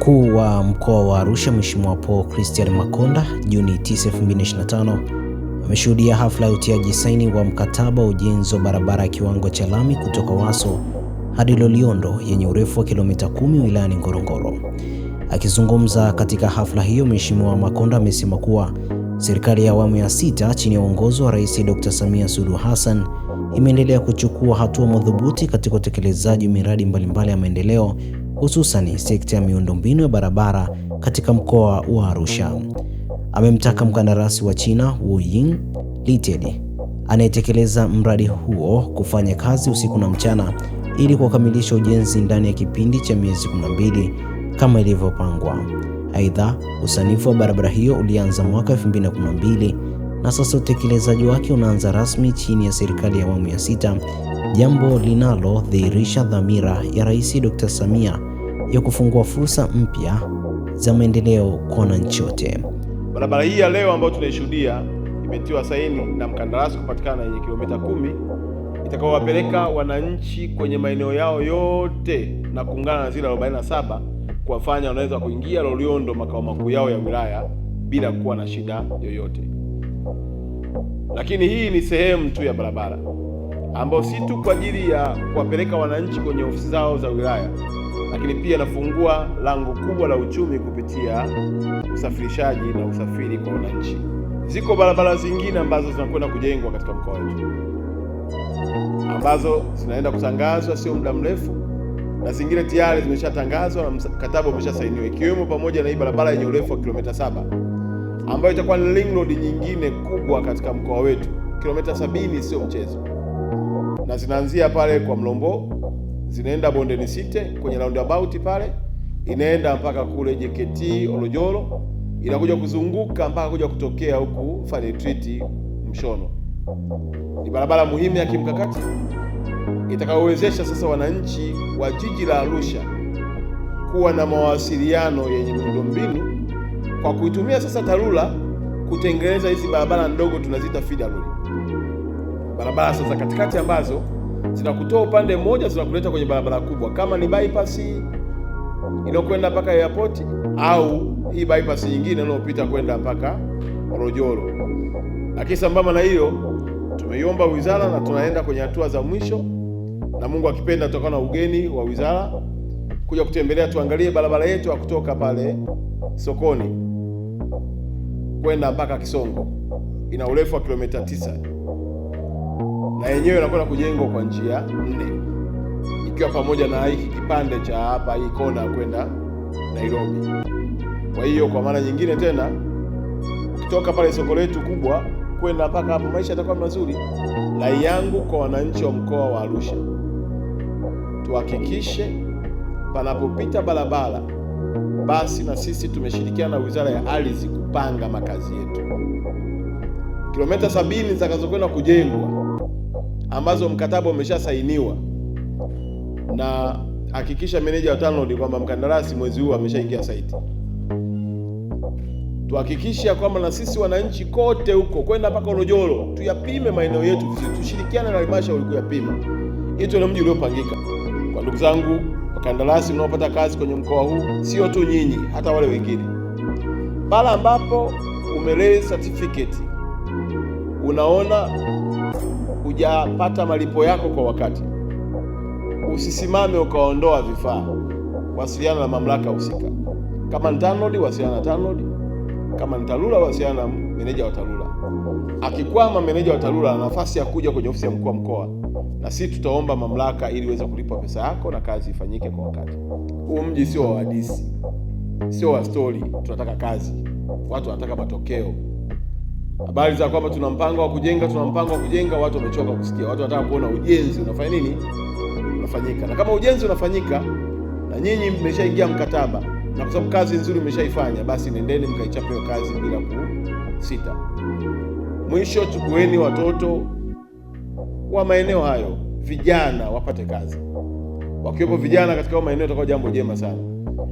Mkuu wa Mkoa wa Arusha Mheshimiwa Paul Christian Makonda Juni 9, 2025 ameshuhudia hafla ya utiaji saini wa mkataba wa ujenzi wa barabara ya kiwango cha lami kutoka Waso hadi Loliondo yenye urefu wa kilomita kumi wilayani Ngorongoro. Akizungumza katika hafla hiyo, Mheshimiwa Makonda amesema kuwa serikali ya awamu ya sita chini ya uongozi wa Rais Dr. Samia Suluhu Hassan imeendelea kuchukua hatua madhubuti katika utekelezaji miradi mbalimbali ya maendeleo hususan sekta ya miundombinu ya barabara katika mkoa wa Arusha. Amemtaka mkandarasi wa China Ying Limited anayetekeleza mradi huo kufanya kazi usiku na mchana ili kukamilisha ujenzi ndani ya kipindi cha miezi 12 kama ilivyopangwa. Aidha, usanifu wa barabara hiyo ulianza mwaka 2012 na sasa utekelezaji wake unaanza rasmi chini ya serikali ya awamu ya sita, jambo linalodhihirisha dhamira ya Rais Dr. Samia ya kufungua fursa mpya za maendeleo kwa wananchi wote. Barabara hii ya leo ambayo tunaishuhudia imetiwa saini na mkandarasi kupatikana yenye kilomita kumi itakaowapeleka wananchi kwenye maeneo yao yote na kuungana na zile 47 kuwafanya wanaweza kuingia Loliondo makao makuu yao ya wilaya bila kuwa na shida yoyote. Lakini hii ni sehemu tu ya barabara ambayo si tu kwa ajili ya kuwapeleka wananchi kwenye ofisi zao za wilaya lakini pia nafungua lango kubwa la uchumi kupitia usafirishaji na usafiri kwa wananchi. Ziko barabara zingine ambazo zinakwenda kujengwa katika mkoa wetu ambazo zinaenda kutangazwa sio muda mrefu, na zingine tayari zimeshatangazwa na mkataba umeshasainiwa, ikiwemo pamoja na hii barabara yenye urefu wa kilomita saba ambayo itakuwa ni ring road nyingine kubwa katika mkoa wetu. Kilomita sabini sio mchezo, na zinaanzia pale kwa Mlombo zinaenda bondeni site kwenye roundabout pale, inaenda mpaka kule JKT Olojoro, inakuja kuzunguka mpaka kuja kutokea huku Fun Retreat Mshono. Ni barabara muhimu ya kimkakati itakayowezesha sasa wananchi wa jiji la Arusha kuwa na mawasiliano yenye miundombinu kwa kuitumia sasa TARURA kutengeneza hizi barabara ndogo tunazita feeder road, barabara sasa katikati ambazo zinakutoa upande mmoja zinakuleta kwenye barabara kubwa, kama ni bypass hii inayokwenda mpaka airport au hii bypass nyingine inayopita kwenda mpaka Morogoro. Lakini sambamba na hiyo, tumeiomba wizara na tunaenda kwenye hatua za mwisho, na Mungu akipenda tutakuwa na ugeni wa wizara kuja kutembelea, tuangalie barabara yetu ya kutoka pale sokoni kwenda mpaka Kisongo, ina urefu wa kilomita tisa na yenyewe inakwenda kujengwa kwa njia nne, ikiwa pamoja na hiki kipande cha hapa, hii kona kwenda Nairobi. Kwa hiyo kwa maana nyingine tena, ukitoka pale soko letu kubwa kwenda mpaka hapo, maisha yatakuwa mazuri. Rai yangu kwa wananchi wa mkoa wa Arusha, tuhakikishe panapopita barabara basi na sisi tumeshirikiana na Wizara ya Ardhi kupanga makazi yetu. Kilomita sabini zitakazokwenda kujengwa ambazo mkataba umeshasainiwa na hakikisha meneja wa TANROADS kwamba mkandarasi mwezi huu ameshaingia site. Tuhakikisha kwamba na sisi wananchi kote huko kwenda mpaka Ulojolo tuyapime maeneo yetu vizuri, tushirikiane na halmashauri kuyapima. Ito ni mji uliopangika. Kwa ndugu zangu wakandarasi mnaopata kazi kwenye mkoa huu, sio tu nyinyi, hata wale wengine, pale ambapo umelee certificate unaona hujapata malipo yako kwa wakati, usisimame ukaondoa vifaa. Wasiliana na mamlaka husika. Kama ni TANROADS, wasiliana na TANROADS. Kama ni TARURA, wasiliana na meneja wa TARURA. Akikwama meneja wa TARURA, ana nafasi ya kuja kwenye ofisi ya mkuu wa mkoa, na sisi tutaomba mamlaka ili uweze kulipwa pesa yako na kazi ifanyike kwa wakati. Huu mji sio wa hadithi, sio wa stori. Tunataka kazi, watu wanataka matokeo habari za kwamba tuna mpango wa kujenga, tuna mpango wa kujenga, watu wamechoka kusikia. Watu wanataka kuona ujenzi unafanya nini, unafanyika. Na kama ujenzi unafanyika na nyinyi mmeshaingia mkataba, na kwa sababu kazi nzuri mmeshaifanya, basi nendeni mkaichapa hiyo kazi bila kusita. Mwisho, chukueni watoto wa maeneo hayo, vijana wapate kazi, wakiwepo vijana katika maeneo, itakuwa jambo jema sana.